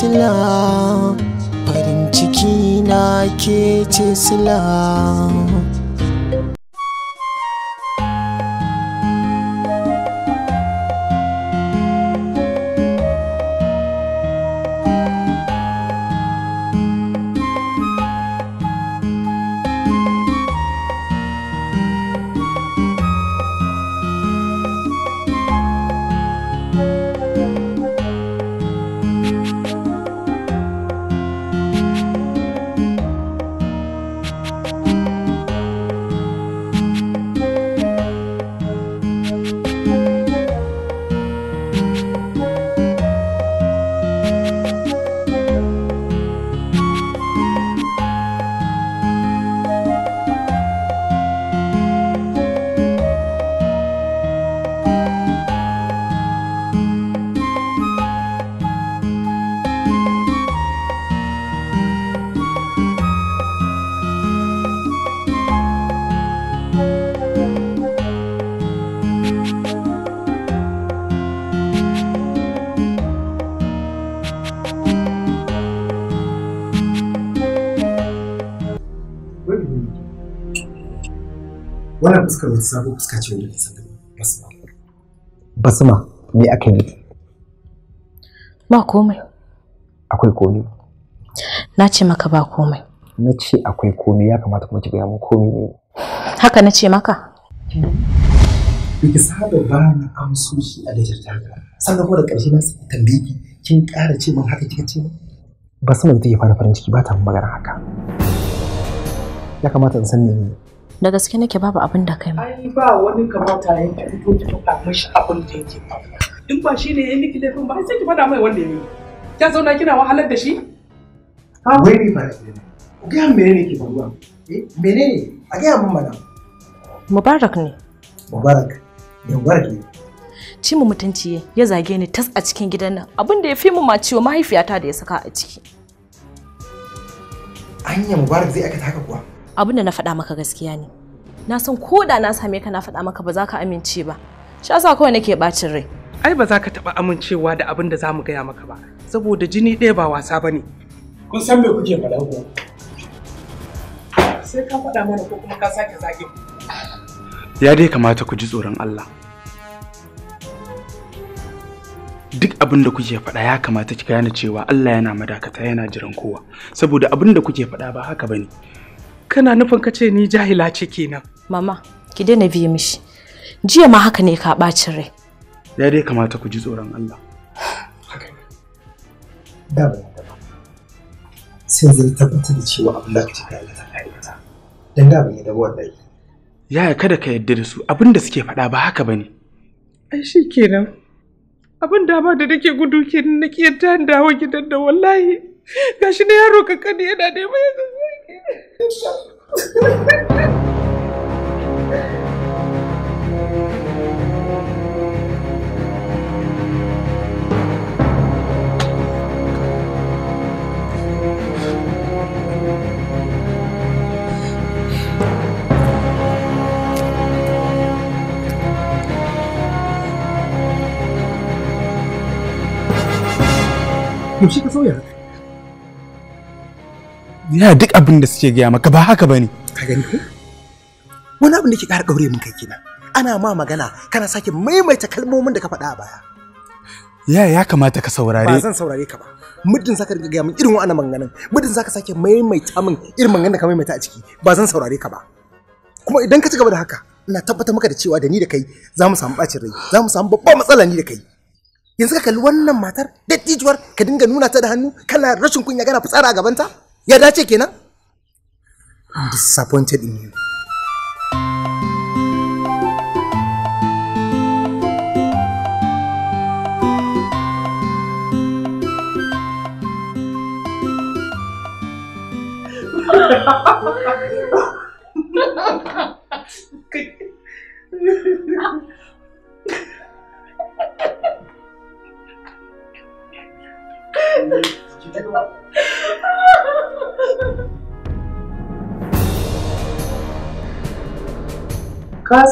sila farin ciki na ke ce sila fuskar wata sabon fuska ce wanda ta basma basma me aka yi ba komai akwai komai na ce maka ba komai na ce akwai komai ya kamata kuma ki gaya mun komai ne haka na ce maka biki saba ba na amsoshi a da gajar taka sannan kuma da ƙarshe na tambayi ki kin ƙara ce min haka kika ce ba sama da take fara farin ciki ba ta magana haka ya kamata in san ne da gaske nake babu abin da kai ma ai ba wani kamata ya yi fito ki faɗa mishi abin da yake faɗa. in ba shi ne ya miki laifin ba sai ki faɗa mai wanda ya miki ya zauna kina wahalar da shi ha wai ne ba gaya ga menene ke faruwa eh menene a ga mun mana mubarak ne mubarak ne mubarak ne ci mu mutunci ya zage ni tas a cikin gidan nan abin da ya fi mu ciwo mahaifiyata da ya saka a ciki anya mubarak zai aikata haka kuwa abin da na faɗa maka gaskiya ne na san ko da na same ka na faɗa maka ba za ka amince ba shi yasa kawai nake bacin rai ai ba za ka taɓa amincewa da abin da za mu gaya maka ba saboda jini ɗaya ba wasa ba ne kun san me kuke faɗa ko sai ka faɗa mana ko kuma ka sake zage ya dai kamata ku ji tsoron Allah duk abin da kuke faɗa ya kamata ki gane cewa Allah yana madakata yana jiran kowa saboda abin da kuke faɗa ba haka bane kana nufin ka ce ni jahila ce kenan mama ki daina biye mishi jiya ma haka ne ka bacin rai ya dai kamata ku ji tsoron Allah da ba sai zai tabbatar da cewa abin da kake kai ta kai ta dan da ban da wallahi yaya kada ka yarda da su abinda da suke faɗa ba haka bane ai shi kenan abin dama da nake gudu kenan na ki yarda dawo gidan da wallahi gashi na yaro kakkani yana da mai zai yaushe ka ya duk abin da suke gaya maka ba haka bane ka gani ko wani abin da ke ƙara ɗaure min kai kina ana ma magana kana sake maimaita kalmomin da ka faɗa a baya ya ya kamata ka saurare ba zan saurare ka ba muddin zaka riga gaya min irin wa'annan maganganun muddin zaka sake maimaita min irin maganganun da ka maimaita a ciki ba zan saurare ka ba kuma idan ka ci gaba da haka ina tabbatar maka da cewa da ni da kai za mu samu bacin rai za mu samu babban matsala ni da kai yanzu ka kalli wannan matar dattijuwar ka dinga nuna ta da hannu kana rashin kunya kana fitsara a gabanta ya dace kenan I'm disappointed in you Ka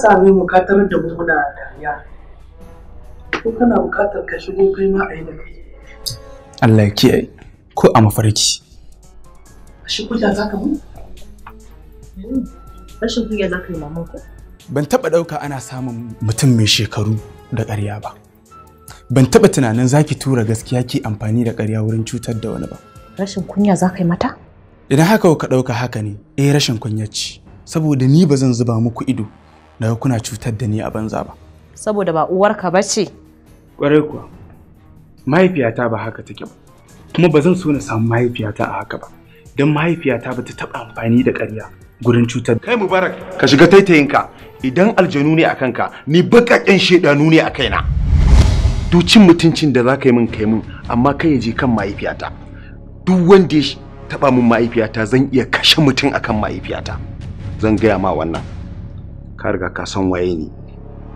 same mu ka tarar da mu muna dariya. Ko kana buƙatar ka shigo kai ma a yi da kai. Allah ya kiyaye ko a mafarki. Shi kuya za ka mu? Rashin kuya za ka yi mamanku? Ban taɓa ɗauka ana samun mutum mai shekaru da ƙarya ba. ban taɓa tunanin za ki tura gaskiya ki amfani da ƙarya wurin cutar da wani ba. Rashin kunya za ka yi mata? Idan haka ka ɗauka haka ne, eh rashin kunya ce, Saboda ni ba zan zuba muku ido na kuna cutar da ni a banza ba. Saboda ba uwarka ba ce. Ƙwarai kuwa, mahaifiyata ba haka take ba. Kuma ba zan so na samu mahaifiyata a haka ba. Don mahaifiyata ba ta taɓa amfani da ƙarya gurin cutar. Kai Mubarak, ka shiga taitayinka. Idan aljanu ne a kanka, ni baƙaƙen shaidanu ne a kaina. ducin mutuncin da za ka yi min kai min amma kai ya je kan mahaifiyata duk wanda ya taba min mahaifiyata zan iya kashe mutum akan mahaifiyata zan gaya ma wannan ka riga ka san waye ni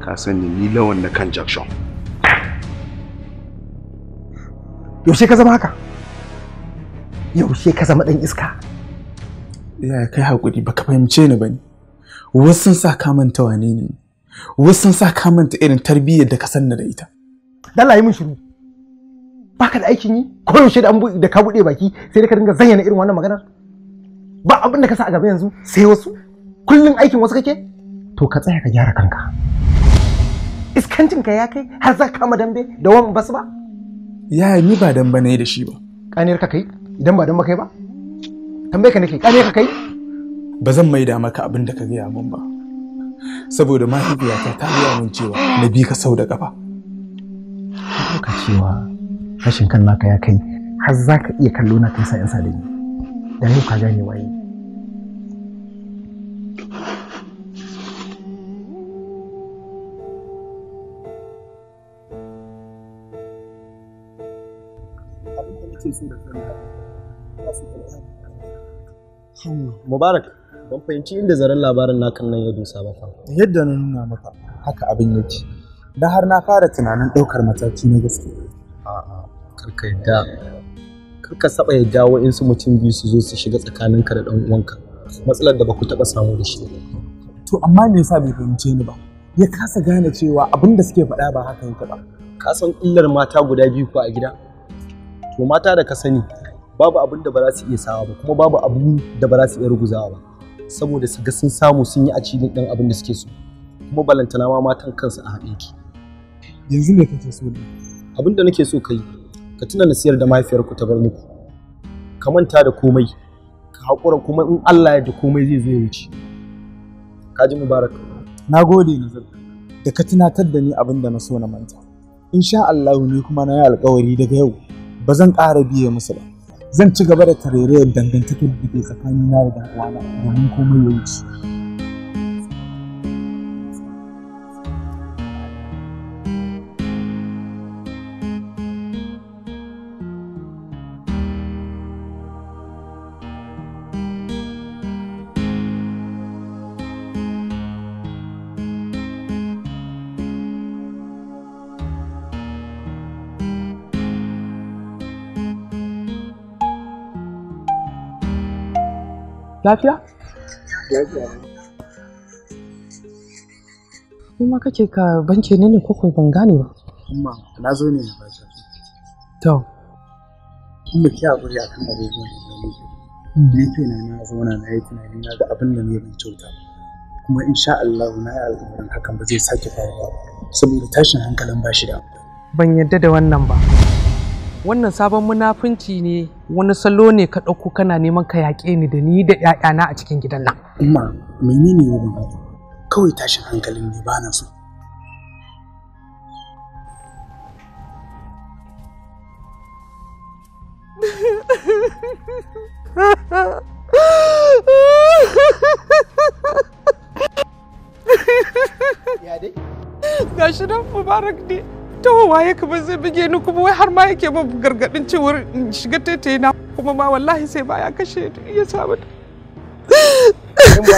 ka san ni ni lawan na kan junction yaushe ka zama haka yaushe ka zama dan iska ya kai hakuri baka fahimce ni bane wasu sun sa ka manta wane ne wasu sun sa ka manta irin tarbiyyar da ka sanna da ita dala yi min shiru baka da aikin yi ko yaushe da an da ka bude baki sai da ka dinga zayyana irin wannan maganar ba abin da ka sa a gaba yanzu sai wasu kullun aikin wasu kake to ka tsaya ka gyara kanka iskancin ka ya kai har za ka kama dambe da wan bas ba yaya ni ba dan bane da shi ba kaniyar ka kai idan ba dan ba kai ba tambaye ka nake kaniyar ka kai ba zan maida maka abin da ka gaya min ba saboda mahaifiyata ta gaya min cewa na bi ka sau da kafa ka cewa rashin kan naka ya kai har za ka iya kallo na kansa sa'in da ni da yau ka gane waye Mubarak, ban fahimci inda zaren labarin nakan nan ya dusa ba fa. Yadda na nuna maka haka abin yake. da har na fara tunanin ɗaukar mataki na gaske. A'a, karka yadda, karka saba ya dawo in su mutum biyu su zo su shiga tsakaninka da ɗan uwanka. Matsalar da baku taɓa samu da shi. To amma me yasa bai fahimce ni ba? Ya kasa gane cewa abin da suke faɗa ba haka yake ba. Ka san illar mata guda biyu ko a gida? To mata da ka sani babu abin da ba za su iya sawa ba kuma babu abin da ba za su iya ruguzawa ba. Saboda su ga sun samu sun yi a cikin ɗan abin da suke so. Kuma balantana ma matan kansu a haɗe ki. yanzu me kake so ne abin da nake so ka yi ka tuna nasiyar da mahaifiyarku ta bar muku ka manta da komai ka haƙura kuma in Allah ya da komai zai zo ya wuce ka ji mubarak na gode nazar da ka tunatar da ni abin da na so na manta insha Allah ne kuma na yi alƙawari daga yau ba zan ƙara biye musu ba zan ci gaba da tarairayar dangantakar da ke tsakanina da ɗan uwana domin komai ya wuce Lafiya? Lafiya. Kuma kake ka banke ne ne ko kai ban gane ba? Amma na zo ne na bashi. To. Kuma ki hakuri a kan akan da na yi. ke hmm. kaina na zo na yi tunani na ga abin da ne ban kyauta. Kuma insha Allah na yi alƙawarin hakan ba zai sake faruwa ba. Saboda tashin hankalin bashi shi da. Ban yarda da wannan ba. wannan sabon munafunci ne wani salo ne ka ɗauko kana neman ka yaƙe ni da ni da ‘ya'yana a cikin gidan nan. Umar, menene wurin haɗu? Kawai tashin hankalin ne ba na so. Ya dai? shi nan Mubarak ne. tahowa ya kuma zai buge ni kuma wai har ma yake min gargadin cewar in shiga tete na kuma ma wallahi sai ba ya kashe ya samu in ba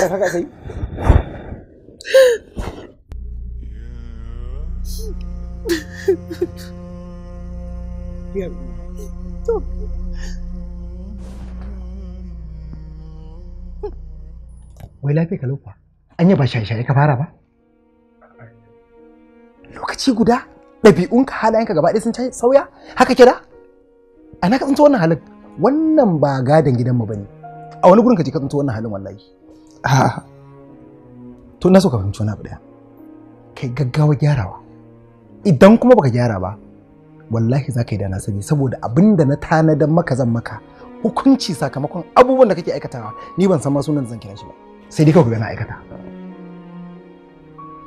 Wai lafiya ka lokwa an ba shaye-shaye ka fara ba? Lokaci guda? ɗabi'unka halayenka gaba ɗaya sun sauya haka kira a na ka tsinta wannan halin wannan ba gadon gidanmu ba ne a wani gurin ka je ka tsinta wannan halin wallahi to na so ka fahimci wani abu ɗaya kai gaggawa gyarawa idan kuma baka gyara ba wallahi za ka yi da na sani saboda abin da na tanadan maka zan maka hukunci sakamakon abubuwan da kake aikatawa ni ban san ma sunan zan kira shi ba sai dai kawai na aikata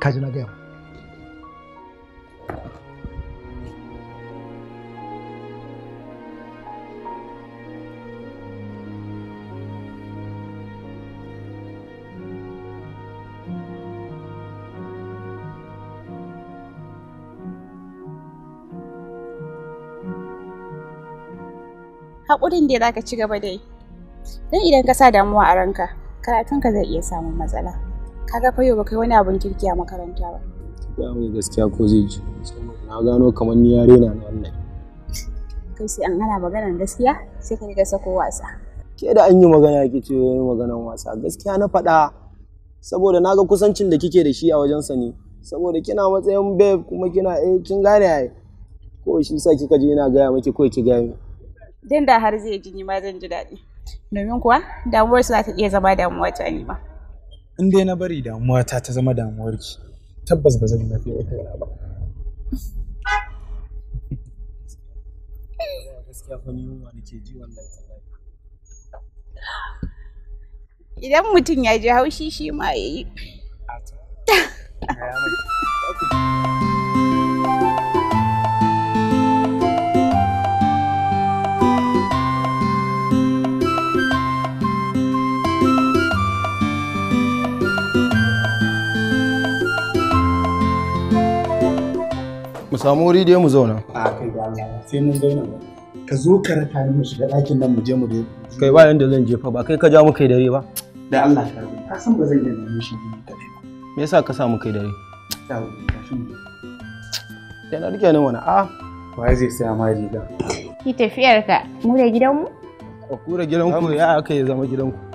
ka ji na gaya haƙurin da ka ci gaba da yi don idan ka sa damuwa a ranka karatunka zai iya samun matsala kaga fa yau ba kai wani abin kirki a makaranta ba ya mai gaskiya ko zai ji na gano kamar ni yare na wannan kai sai an ana maganar gaskiya sai ka riga sako wasa ke da an yi magana ki ce yi maganar wasa gaskiya na faɗa saboda na ga kusancin da kike da shi a wajensa ne saboda kina matsayin babe kuma kina eh kin gane ai ko shi sa kika je ina gaya miki ko ki gaya Dan da har zai ji nima zan ji daɗi domin kuwa damuwar su za ta iya zama damuwa ta nima in dai na bari damuwa ta ta zama damuwar ki tabbas ba zan mafi wata ba idan mutum ya ji haushi shi ma ya yi samu wuri dai mu zauna. A kai da Allah sai mun zauna. Ka zo ka raka ni mu shiga ɗakin nan mu je mu dai. Kai ba yanda zan je fa ba kai ka ja mu kai dare ba. Da Allah ka rabu. Ka san ba zan iya nemi shi ne ka ba. Me yasa ka sa mu kai dare? Da Yana rike ni wani a. Ba zai saya ma riga? Ki tafiyar ka mu da gidanmu? Ku da gidanku ya aka yi zama gidanku.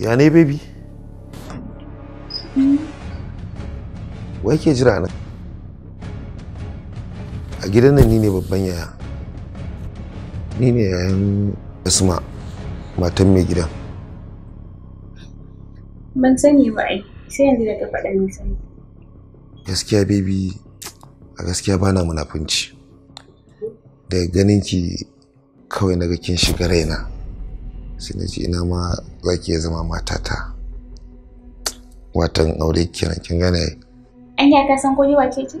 ya ne baby wai ke jira nan a gidan nan ni ne babban yaya ni ne yayan asma matan mai gidan ban sani ba ai sai yanzu da ka faɗa mai sani gaskiya baby a gaskiya bana munafunci daga ganin ki kawai na ga kin shiga raina sai na ce ina ma za ki zama matata watan aure kenan kin gane an ya ka san ko ni wace ce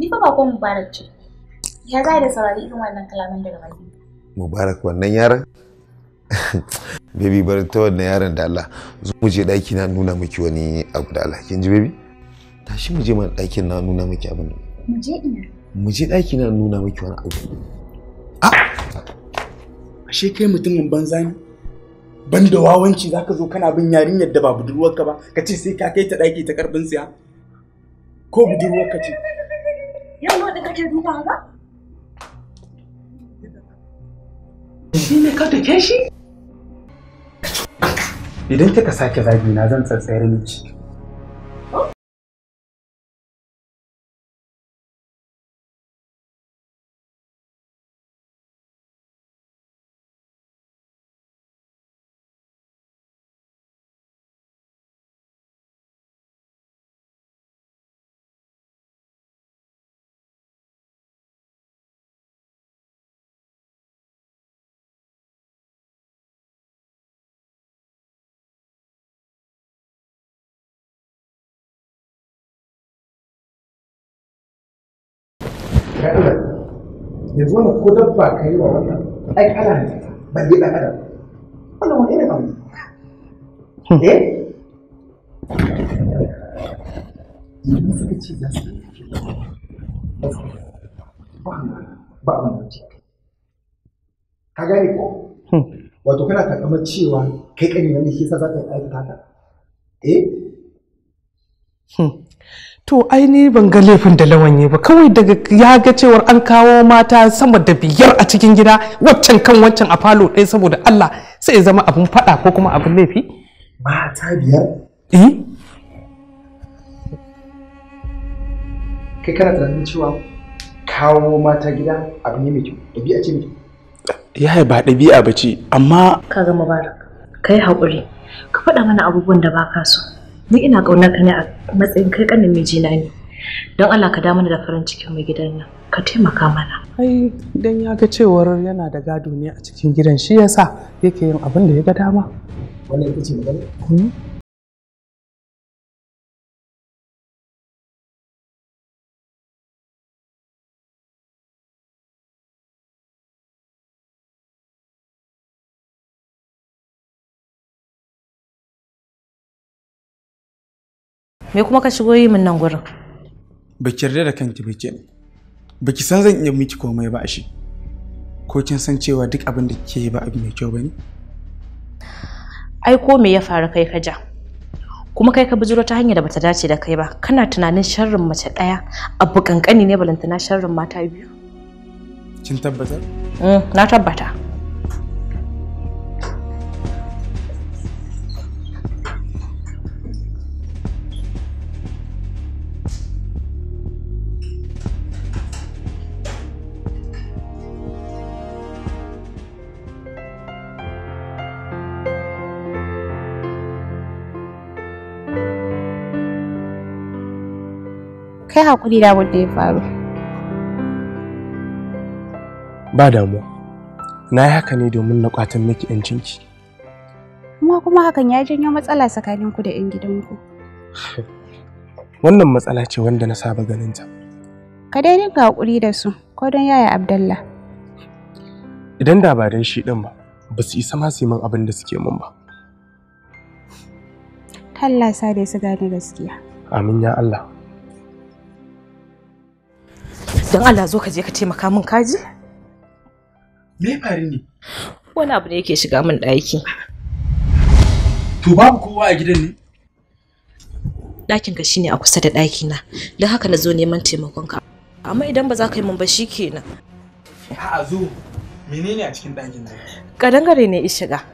ni fa ba ko mubarak ce ya za da saurari irin wannan kalaman daga baki mubarak wannan yaran baby bar ta wannan yaran da Allah zo mu je daki na nuna miki wani abu da Allah kin ji baby tashi mu je man dakin na nuna miki abin mu je ina mu je daki na nuna miki wani abu ashe kai mutumin banza ne ban da wawanci za ka zo kana bin yarinyar da ba budurwarka ba ka ce sai ka kai ta ɗaki ta karbin siya ko budurwarka ce yamma da kake duba ba shi ne ka take shi idan kika sake zagi na zan tsatsayar miki ya ko dabba ka yi wa wannan ai kana ne ɗan adam wannan wani hmm. eh yanzu suka ce za su yi ba a ka gane ko hmm. wato kana takamar cewa kai ƙani wani shi sa za ka yi aikata eh hmm. to aini ban ga laifin da lawanyi ba kawai daga ya ga cewar an kawo mata sama da biyar a cikin gida waccan kan waccan a falo ɗaya saboda Allah sai ya zama abin faɗa ko kuma abin laifi mata biyar eh kai kana tunanin cewa kawo mata gida abu ne mai kyau a ce mai kyau yaya ba ɗabi'a ba ce amma ka gama mubarak kai haƙuri ka faɗa mana abubuwan da ba ka so ni ina ƙaunar ka ne a matsayin kai ƙanin mijina ne don Allah ka damu da farin cikin mai gidan nan ka taimaka mana ai dan ya ga cewar yana da gado ne a cikin gidan shi yasa yake yin abin da ya ga dama wannan ita ce magana hmm? me kuma ka shigo yi min nan gurin ba ki yarda da kanki ba kenan ba ki san zan iya miki komai ba shi ko kin san cewa duk abin da kike yi ba abu mai kyau bane ai ko me ya faru kai ka ja kuma kai ka bijiro ta hanyar da bata dace da kai ba kana tunanin sharrin mace ɗaya abu kankani ne balantana sharrin mata biyu kin tabbatar mm, na tabbata kai hakuri da abin ya faru ba damuwa na yi haka ne domin na kwatan miki yancinki kuma kuma hakan ya janyo matsala tsakaninku da 'yan gidanku wannan matsala ce wanda na saba ganinta ka dai dinga hakuri da su ko don yaya abdallah idan da ba don shi din ba ba su isa ma su yi min abin da suke min ba Allah sa dai su gane gaskiya amin ya Allah Don Allah zo ka je ka taimaka min kaji? Me faru ne? Wani abu ne yake shiga min ɗaki. To babu kowa a gidan ne? Ɗakin ka shine a kusa da ɗaki na. Don haka na zo neman taimakon ka. Amma idan ba za ka yi min ba shi kenan. A'a zo. Menene a cikin ɗakin nan? Kadangare ne shiga.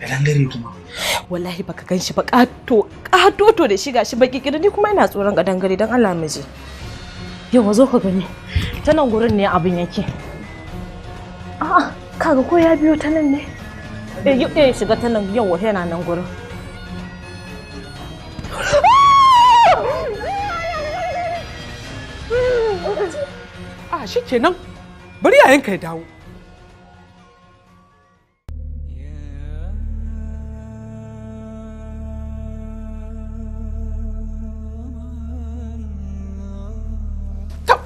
Kadangare kuma? wallahi baka gan shi ba kato kato to da shi gashi baki ni kuma ina tsoron kadangare dan Allah miji yawa zo ka gani ta nan gurin ne abin yake a'a kaga ko ya biyo ta nan ne eh shiga ta nan yawa yana nan gurin a ah, shi kenan bari yayanka ya dawo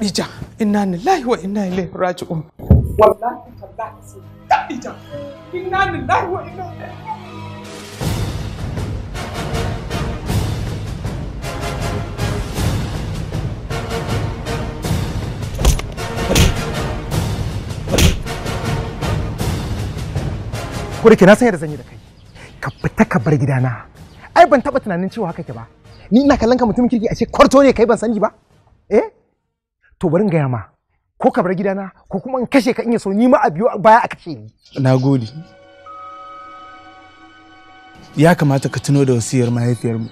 Khadija inna lillahi wa inna ilaihi raji'un wallahi tallahi sai Khadija inna lillahi wa inna ilaihi ko da ke na san yadda zan yi da kai ka fita ka bar gidana ai ban taba tunanin cewa haka ke ba ni ina kallon ka mutumin kirki a ce kwarto ne kai ban sani ba eh to bari gaya ma ko ka bar gidana ko kuma in kashe ka in so ni ma a biyo baya a kashe ni na ya kamata ka tuno da wasiyar mahaifiyarmu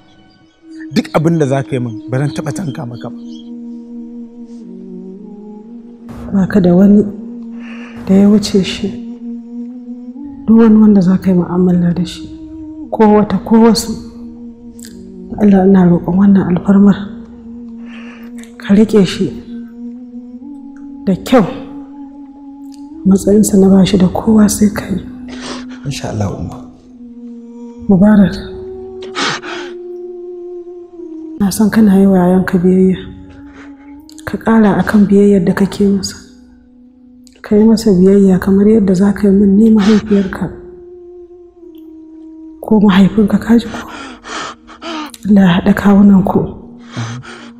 duk abin da za ka yi min baran taɓa tanka maka ba ba ka da wani da ya wuce shi duk wani wanda za ka yi mu'amala da shi ko wata ko wasu Allah ina roƙon wannan alfarmar ka riƙe shi da kyau matsayinsa na ba shi da kowa sai kai insha Allah umma mubarak na san kana yi wa yayanka biyayya ka ƙara akan biyayyar da kake masa ka yi masa biyayya kamar yadda za ka yi min ne mahaifiyarka ko mahaifinka ka ji ko Allah ya haɗa kawunan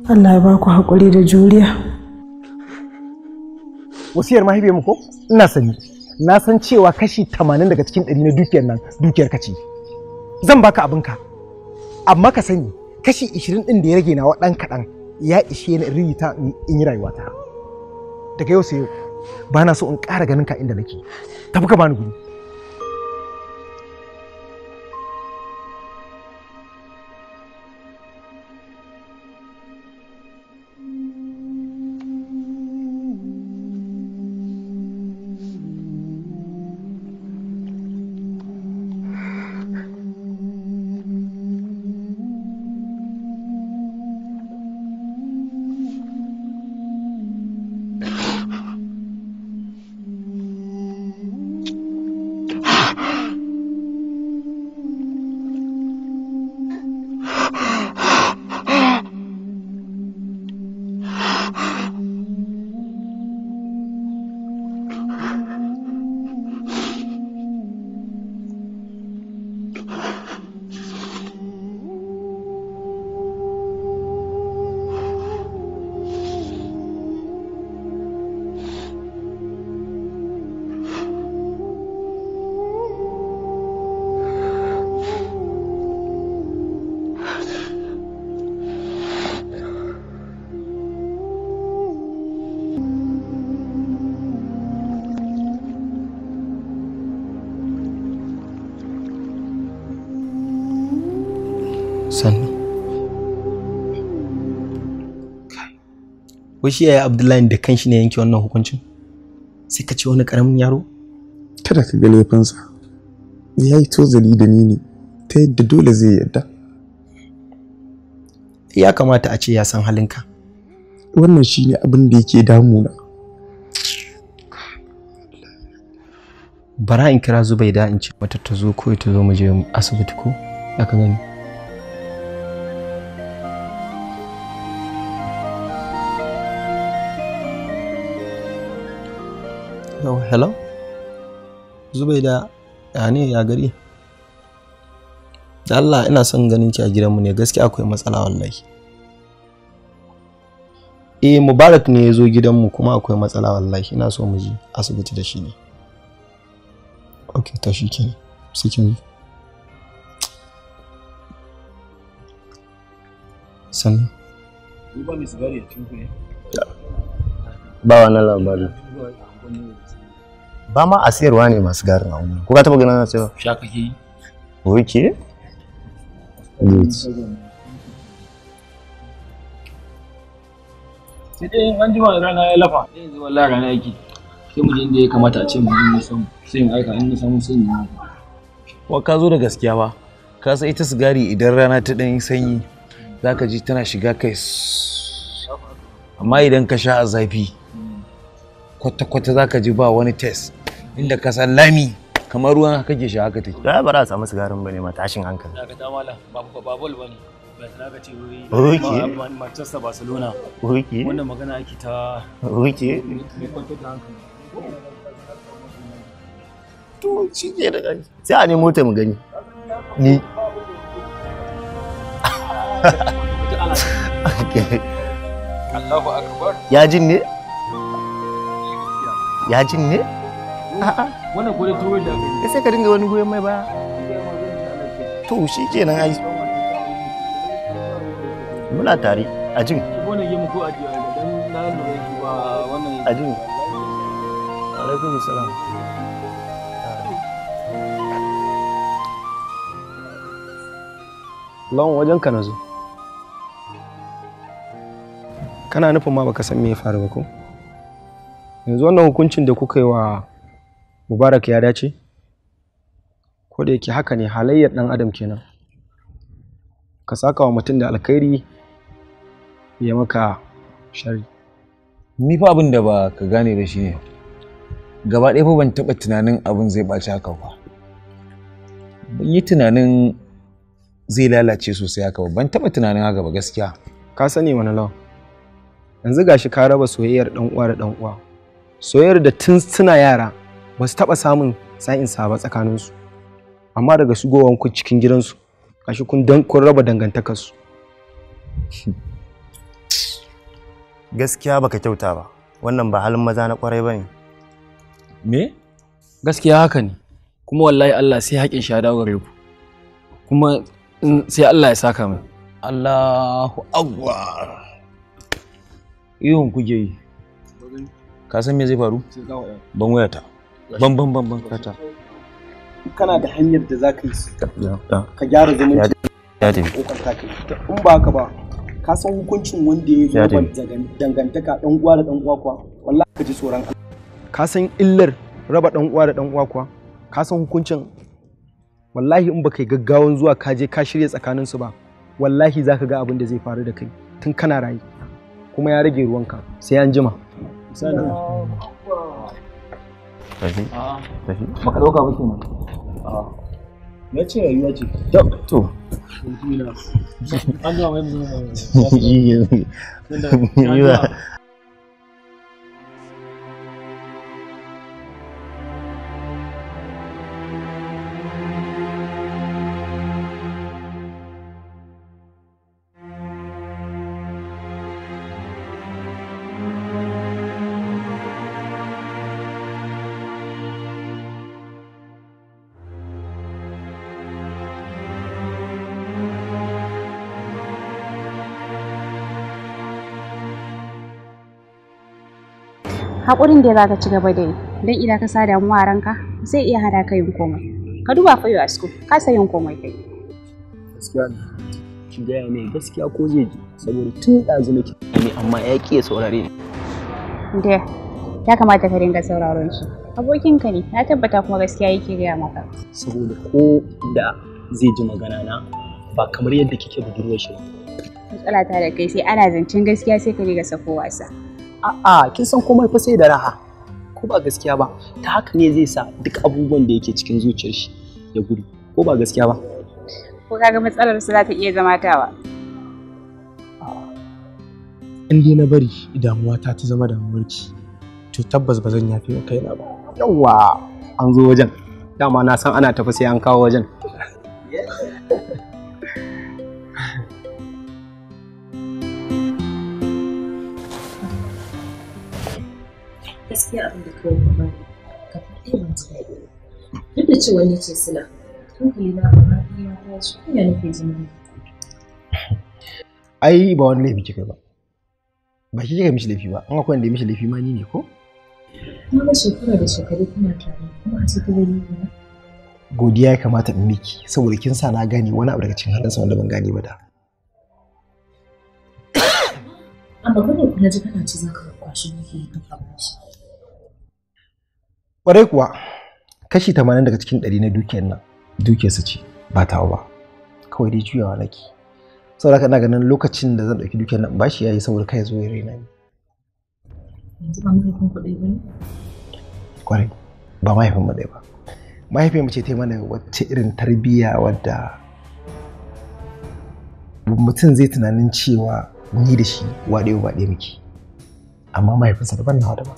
Allah ya ba ku haƙuri da juriya wasiyar ma mu ko ina sani na san cewa kashi 80 daga cikin 100 na dukiyar nan dukiyar kace zan baka abinka amma ka sani kashi 20 din da ya rage nawa dan kadan ya ishe ni rita in yi rayuwata daga yau sai bana ba na so in ƙara ganin ka inda nake tafi ka bani guri ko shi yaya abdullahi da kanshi ne yanke wannan hukuncin sai ka ce wani karamin yaro kada ka ga laifinsa ya yi tozali da ni ne ta yadda dole zai yadda ya kamata a ce ya san halinka wannan shi ne abin da yake damuna bara in kira zubaida in ce mata ta zo ko ta zo mu je asibiti ko aka gani hello zubaida ya ne ya gari da Allah ina son ganin ki a gidanmu ne gaskiya akwai matsala wallahi eh mubarak ne ya zo gidanmu kuma akwai matsala wallahi ina so mu ji asibiti da shi ne ok tashi kenan sai kin san ba wani labari ba ma a siyarwa ne masu garin a wani ko ka taba ganin na cewa sha kake oke good sai dai an jima rana ya lafa sai yanzu wallahi rana yake sai mu da ya kamata a ce mu je samu sai mu aika in samu sai mu wa ka zo da gaskiya ba ka san ita sigari idan rana ta dan sanyi zaka ji tana shiga kai amma idan ka sha a zafi kwata-kwata zaka ji ba wani test inda ka sallami kamar ruwan haka ke shi haka take ba ba za a samu sigarin bane ma tashin hankali daga ta mala ba ku ba bol bane ba ka ce wuri ma Manchester Barcelona oke wannan magana ake ta oke ne kwanto da hankali to shi ke da gani sai a nemo ta mu gani ni Allahu akbar ya jin ne ya jin ne wannan gure tuwo da kai sai ka dinga wani goyon mai ba. to shi kenan ai muna tare a jin yi ko a a jin alaikum salam lawan wajen ka na zo kana nufin ma baka san me ya faru ba ko yanzu wannan hukuncin da kuka yi wa mubarak ya dace ko da yake haka ne halayyar ɗan adam kenan ka saka wa mutum da alkhairi ya maka shari ni fa abin da ba ka gane da shi ne gaba ɗaya fa ban taɓa tunanin abin zai ɓaci haka ba ban yi tunanin zai lalace sosai haka ba ban taɓa tunanin haka ba gaskiya ka sani wani lau yanzu gashi ka raba soyayyar ɗan uwa da ɗan uwa soyayyar da tun suna yara ba su taɓa samun sa'insa ba tsakaninsu amma daga shigowar ku cikin gidansu kashi kun dan kun raba dangantakarsu gaskiya baka kyauta ba wannan ba halin maza na kwarai bane me gaskiya haka ne kuma wallahi Allah sai haƙin shi ya dawo gare ku kuma sai Allah ya saka mai Allahu akbar ihun kuje yi ka san me zai faru ban wayata Banban ban kata kana da hanyar da za ka yi ka gyara zumunci ya da in ba ka ba ka san hukuncin wanda ya zo dangantaka dan uwa da dan uwa kuwa wallahi ka ji tsoron Allah ka san illar raba dan uwa da dan uwa kuwa ka san hukuncin wallahi in baka yi gaggawan zuwa ka je ka shirya tsakanin su ba wallahi zaka ga abin da zai faru da kai tun kana rayu kuma ya rage ruwanka sai an jima tashi ah. tashi baka dauka ba kenan ah. na ce rayuwa ce to an haƙurin da za ka ci gaba da yi don idan ka sa damuwa ranka zai iya hada ka yin komai ka duba fa yau asko ka sa yin komai kai gaskiya ne ki gaya mai gaskiya ko zai ji saboda tun ɗazu nake ne amma ya ki ya saurare ni da ya kamata ka dinga sauraron shi abokinka ne na tabbata kuma gaskiya yake gaya maka saboda ko da zai ji magana na ba kamar yadda kike budurwar shi ba matsala ta da kai sai ana zancen gaskiya sai ka riga sako wasa a'a kin san komai fa sai da raha ko ba gaskiya ba ta haka ne zai sa duk abubuwan da yake cikin zuciyar shi ya gudu ko ba gaskiya ba ko kaga matsalar su za ta iya zama tawa in dai na bari damuwa ta ta zama damuwanci, to tabbas ba zan yafe wa kaina ba yawwa an zo wajen dama na san ana tafi sai an kawo wajen gaskiya abin da kawai kuma ne ka faɗi ban ji daɗi duk da cewa ni ce sila hankali na amma ya tashi kuma nake jin daɗi ai ba wani laifi kika ba ba shi kika mishi laifi ba an akwai wanda ya mishi laifi ma ni ne ko na ga shekara da shekaru kuna tare kuma a cikin gani ne godiya ya kamata in miki saboda kin sa na gane wani abu daga cikin halinsa wanda ban gane ba da amma kuma kuna ji kana ci zaka kwashi miki kan shi. Kwarai kuwa kashi 80 daga cikin 100 na dukiyar nan dukiyarsa ce ba tawa ba. Kawai dai juyawa nake. Saboda haka ina ganin lokacin da zan ɗauki dukiyar nan bashi yayi saboda kai zo ya raina ni. Yanzu ba mahaifin kuɗi ba ne? Kwarai ba mahaifin mu ba. Mahaifin mu ce ta mana wacce irin tarbiyya wadda mutum zai tunanin cewa ni da shi waɗe ba ɗaya muke. Amma mahaifinsa daban na daban.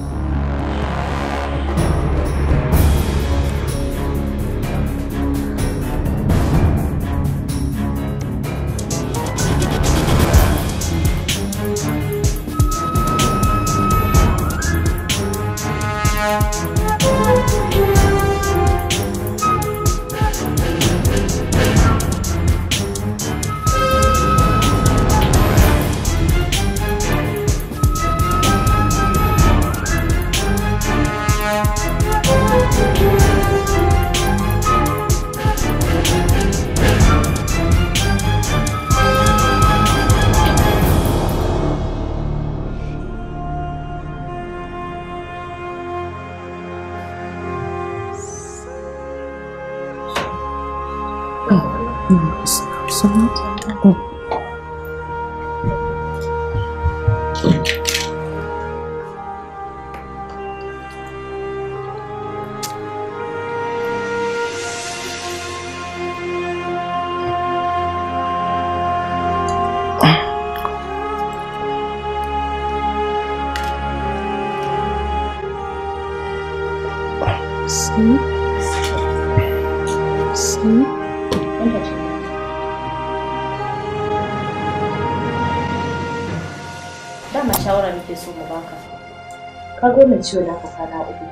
wannan ciwo da kafa na uku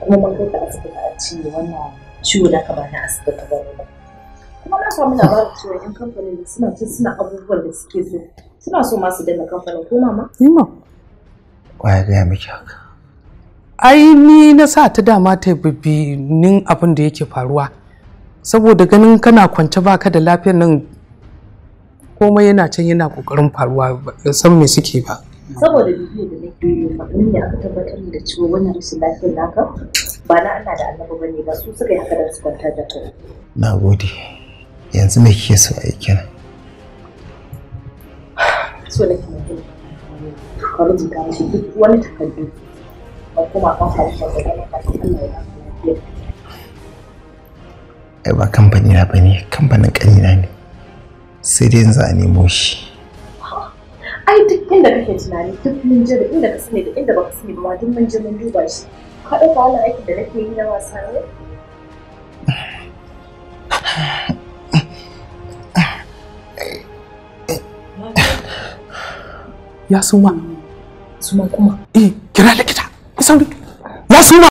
kuma mun kai ta asibiti a cinye wannan ciwo na ba na asibiti ba ne kuma na samu labarin cewa yan kamfanin da suna cin suna abubuwan da suke so suna so masu danna kamfanin ko mama yima Kwaya gaya miki haka ai ni na sa ta dama ta nin abin da yake faruwa saboda ganin kana kwance baka da lafiyar nan komai yana can yana kokarin faruwa ba san me suke ba saboda bidiyo da nake yi abin da aka tabbatar da cewa wannan rashin lafiyar naka ba na Allah da ba ne ba su suka yi haka da su kwanta da kai na gode yanzu me kike so a yi so so nake mutum ka rubuta shi duk wani takardu ba kuma kan halitta da wani kasuwa ya ai ba kamfani na bane kamfanin kanina ne sai dai yanzu a nemo shi ai duk inda kake tunani duk mun je da inda ka sani da inda baka sani ba duk mun je mun duba shi ka ɗauka wannan aikin da nake yi na wasa ne ya suma suma kuma eh kira likita ya sauri ya suma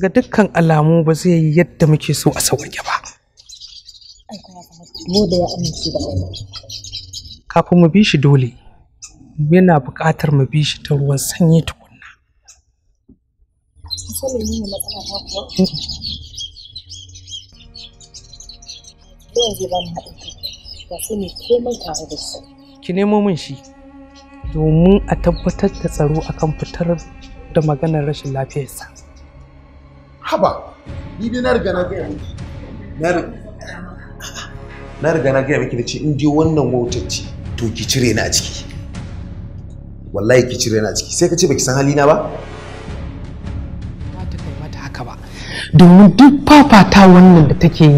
ga dukkan alamu ba zai yi yadda muke so a sauƙaƙe ba. Kafin mu bi shi dole, yana buƙatar mu bi shi ta ruwan sanyi tukunna. Ki nemo min shi domin a tabbatar da tsaro akan fitar da maganar rashin lafiyarsa. haba ni dai na riga na gaya miki na riga na gaya miki da ce in dai wannan wautacci to ki cire ni a ciki wallahi ki cire ni a ciki sai ka ce baki san halina ba kai mata haka ba domin duk fafata wannan da take yi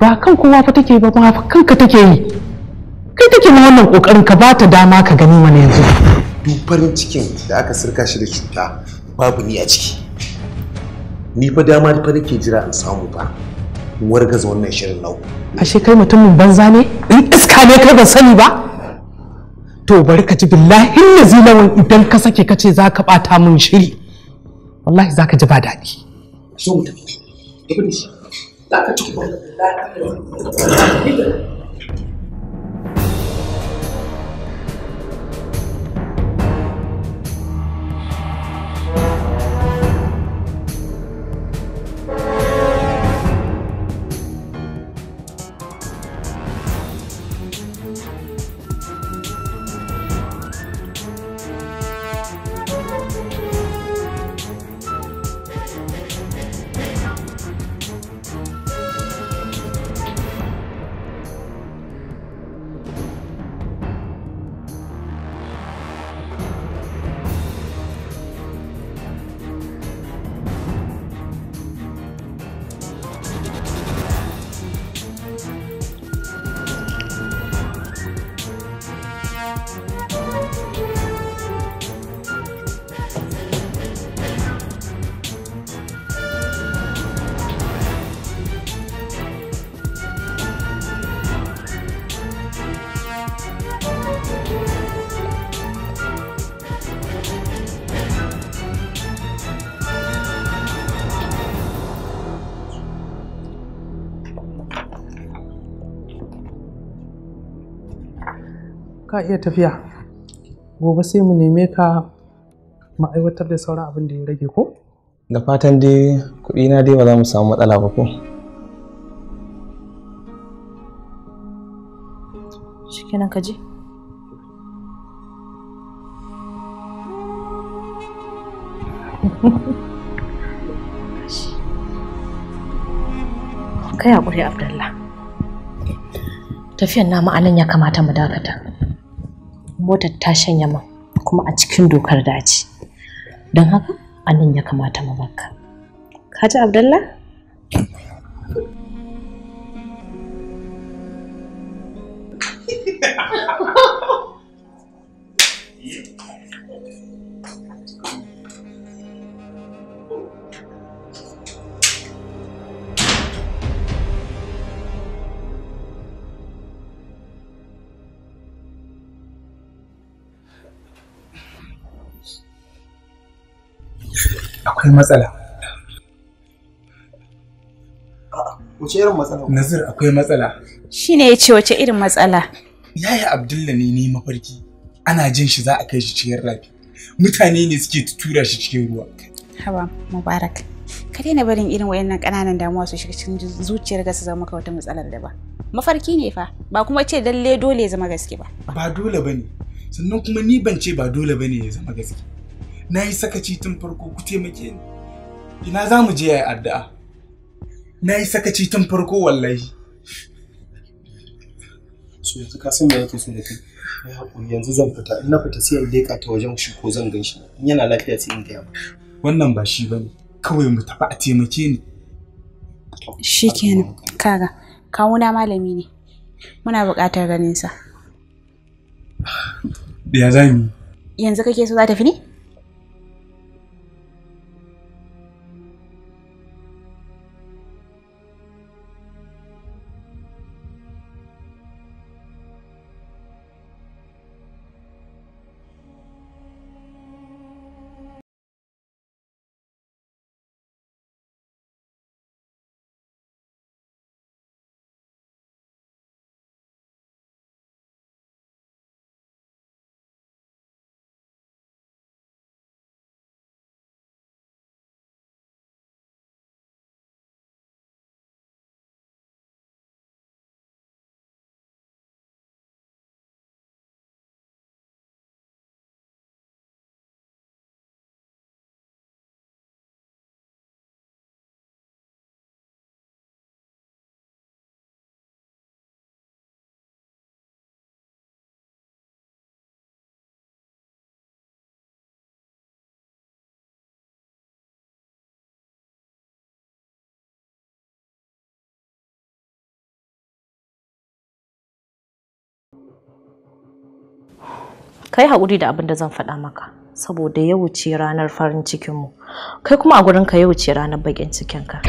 ba kan kowa fa take yi ba ba kanka take yi kai take ma wannan kokarin ka ba ta dama ka gani mana yanzu duk farin cikin da aka sirka shi da cuta babu ni a ciki ni fa dama fa nake jira in samu fa in wargaza wannan shirin nau ashe kai mutumin banza ne in iska ne kai ban sani ba to bari ka ji billahi lazilawan idan ka sake ka ce za ka bata min shiri wallahi za ka ji ba daɗi so mutum ka ci ka iya tafiya gobe sai mu neme ka ma'aiwatar da sauran abin da ya rage ko da fatan dai kuɗi na dai ba za mu samu matsala ba ko shikenan ka je kai hakuri abdallah tafiyan namu anan ya kamata mu dakata motar ta shanya man kuma a cikin dokar daji don haka a nan ya kamata mu baka ka ji abdallah akwai matsala wace irin matsala nazir akwai matsala Shi ne ya ce wace irin matsala yaya abdulla ne ne mafarki ana jin shi za a kai shi cikin rafi mutane ne suke tura shi cikin ruwa Hawa mubarak ka daina barin irin wayannan ƙananan damuwa su shiga cikin zuciyar ga su zama maka wata matsalar da ba mafarki ne fa ba kuma ce lalle dole ya zama gaske ba ba dole bane sannan kuma ni ban ce ba dole bane ya zama gaske na yi sakaci tun farko ku taimake ni ina za mu je yayi addu'a na yi sakaci tun farko wallahi so yanzu ka san me yake so da kai ya hakuri yanzu zan fita in na fita sai in leƙa ta wajen shi ko zan gan shi in yana lafiya sai in gaya wannan ba shi bane kawai mu tafi a taimake ni shikenan kaga kawuna malami ne muna buƙatar ganin sa ya zami yanzu kake so za ta fi ne Kai hakuri haƙuri da abin da zan faɗa maka saboda ya wuce ranar farin cikinmu kai kuma a gurin ka ya wuce ranar baƙin cikinka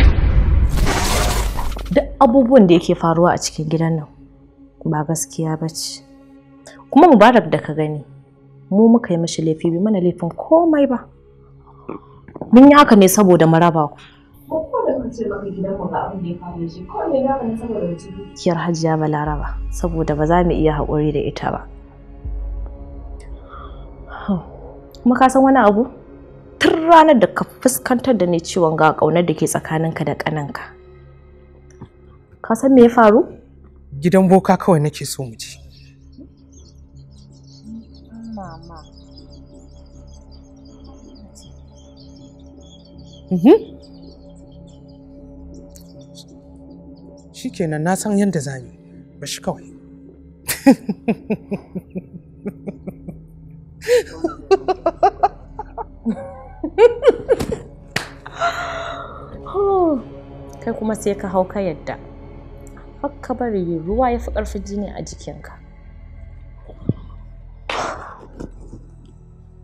duk abubuwan da yake faruwa a cikin gidan nan ba gaskiya ba ce kuma mubarak da ka gani mu muka yi mashi laifi bi mana laifin komai ba mun yi haka ne saboda maraba ku kiyar hajiya balaraba saboda ba za mu iya hakuri da ita ba kuma ka san wani abu tun ranar da ka fuskantar da ni ciwon ga kaunar da ke tsakaninka da kananka ka san me ya faru gidan boka kawai nake so mu je mama mhm. shikenan na san yadda za mu ba shi kawai kai kuma sai ka hau ka yadda haka bari ruwa ya fi ƙarfin jini a jikinka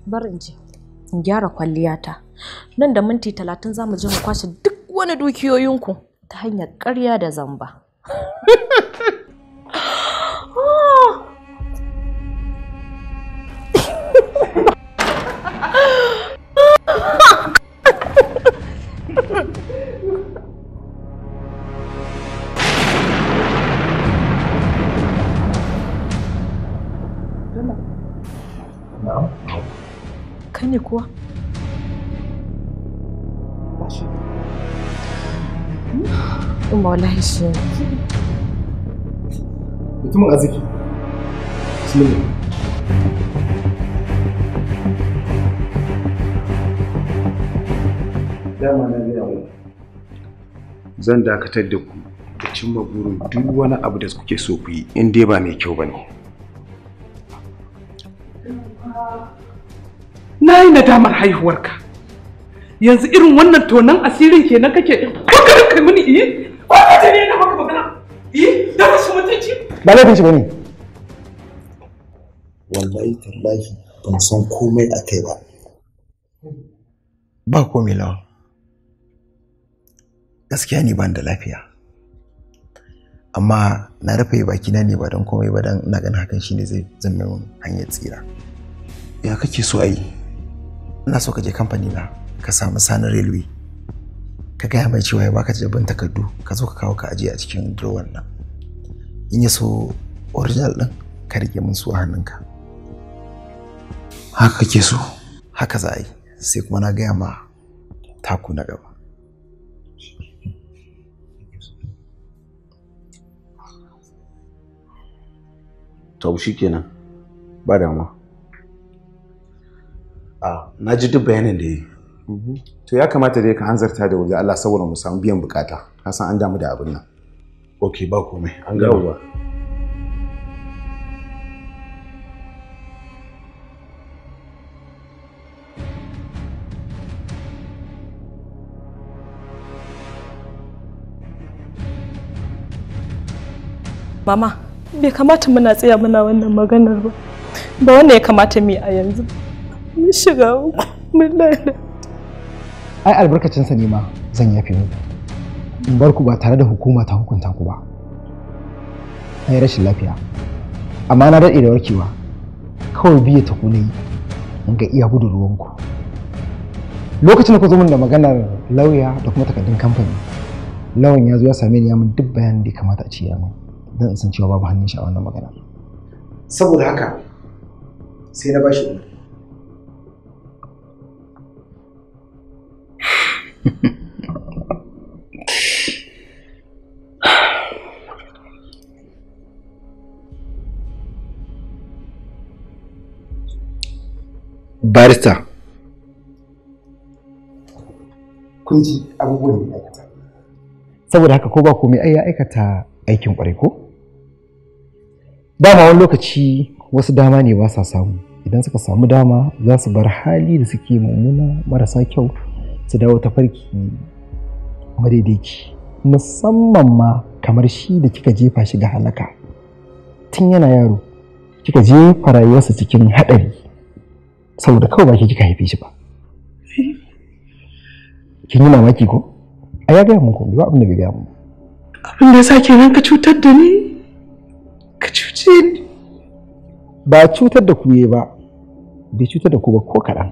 barin ji in gyara kwalliyata nan da minti talatin za mu je mu kwashe duk wani dukiyoyinku ta hanyar ƙarya da zamba ne kuwa? Ba shi. Ɗuma wallahi shi ne. Mutumin arziki. Zan dakatar da ku da cimma burin duk wani abu da kuke so ku yi in dai ba mai kyau ba ne. Na yi nadamar haihuwarka. Yanzu irin wannan tonan asirin kenan kake ka kai mini iye eh? Ko ka je ne na maka magana? Iya, da su mutunci? Ba laifin shi bane. Wallahi tallahi ban san komai a kai ba. Ba komai lawa. gaskiya ne ban da lafiya amma na rufe bakina ne ba don komai ba don ina ganin hakan shine zai zama min hanyar tsira ya kake so a yi ina so ka je kamfani na ka samu sanar railway ka gaya mai cewa ya baka jabin takardu ka zo ka kawo ka ajiye a cikin drawer nan in ya so original din ka rike min su a hannunka haka kake so haka za a yi sai kuma na gaya ma taku na gaba taushi kenan ba ma. a na ji duk bayanin da yi mhm. to ya kamata dai ka hanzarta da wajen Allah saboda mu samu biyan bukata ka san an damu da abin nan ok ba komai an gama ba Mama, bai kamata muna tsaya muna wannan maganar ba ba wanda ya kamata mu a yanzu mun shiga mun lalata ai sa ne ma zan yafe mu in bar ku ba tare da hukuma ta hukunta ku ba na yi rashin lafiya amma na daɗe da warkewa kawai biya ta ku yi in ga iya gudu ruwanku lokacin da ku zo min da maganar lauya da kuma takardun kamfani lawan ya zo ya same ni ya min duk bayanin da ya kamata a ce don in san cewa babu hannun shi a wannan magana saboda haka sai na bashi umarni barista kun ji abubuwan da aikata saboda haka ko ba komai ai ya aikata aikin kwarai ko dama wani lokaci wasu dama ne ba sa samu idan suka samu dama za su bar hali da suke mummuna marasa kyau su dawo ta farki madaidaici musamman ma kamar shi da kika jefa shi ga halaka tun yana yaro kika jefa rayuwarsa cikin haɗari saboda kawai baki kika haife shi ba kin yi mamaki ko a ya gaya muku ba abin da bai gaya mun. abin da ya sa kenan ka cutar da ni cuce ni ba cutar da ku yi ba bai cutar da ku ba ko kaɗan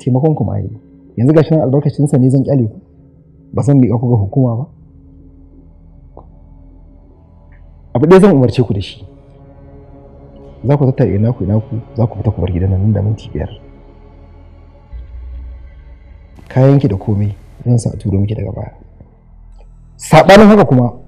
taimakon ku ma yi yanzu gashi nan albarkacinsa ne zan kyale ku ba zan miƙa ku ga hukuma ba abu ɗaya zan umarce ku da shi za ku tattara ina ku ina ku za ku fita ku bar gidan nan da minti biyar kayanki da komai zan sa a turo miki daga baya saɓanin haka kuma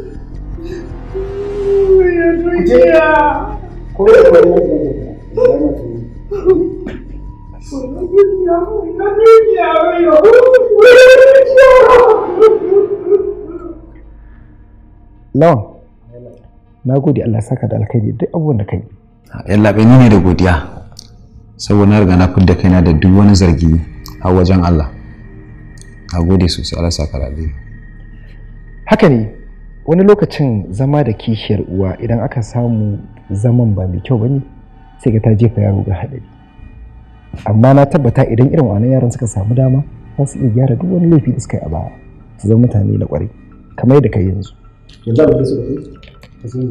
Lawan, na gode Allah saka da alkhairi duk abubuwan da kai. Ah, yalla bai ne da godiya. Saboda na riga na fidda kaina da duk wani zargi a wajen Allah. Na gode sosai Allah saka da alkhairi. Haka ne, wani lokacin zama da kishiyar uwa idan aka samu zaman ba mai kyau bane sai ga ta jefa yaro ga haɗari amma na tabbata idan irin wannan yaran suka samu dama za su iya gyara duk wani laifi da suka yi a baya su zama mutane na kwarai kamar yadda kai yanzu yanzu abin da suka yi ka san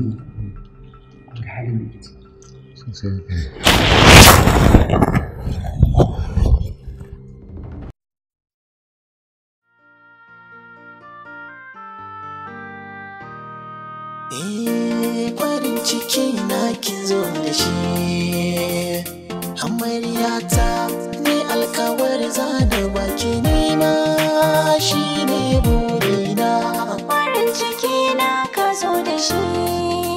ni ga halin da ke ciki cikina na kin zo da shi amaryata ne alkawar za da baki nema shi ne burina farin ciki na ka zo da shi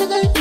sugar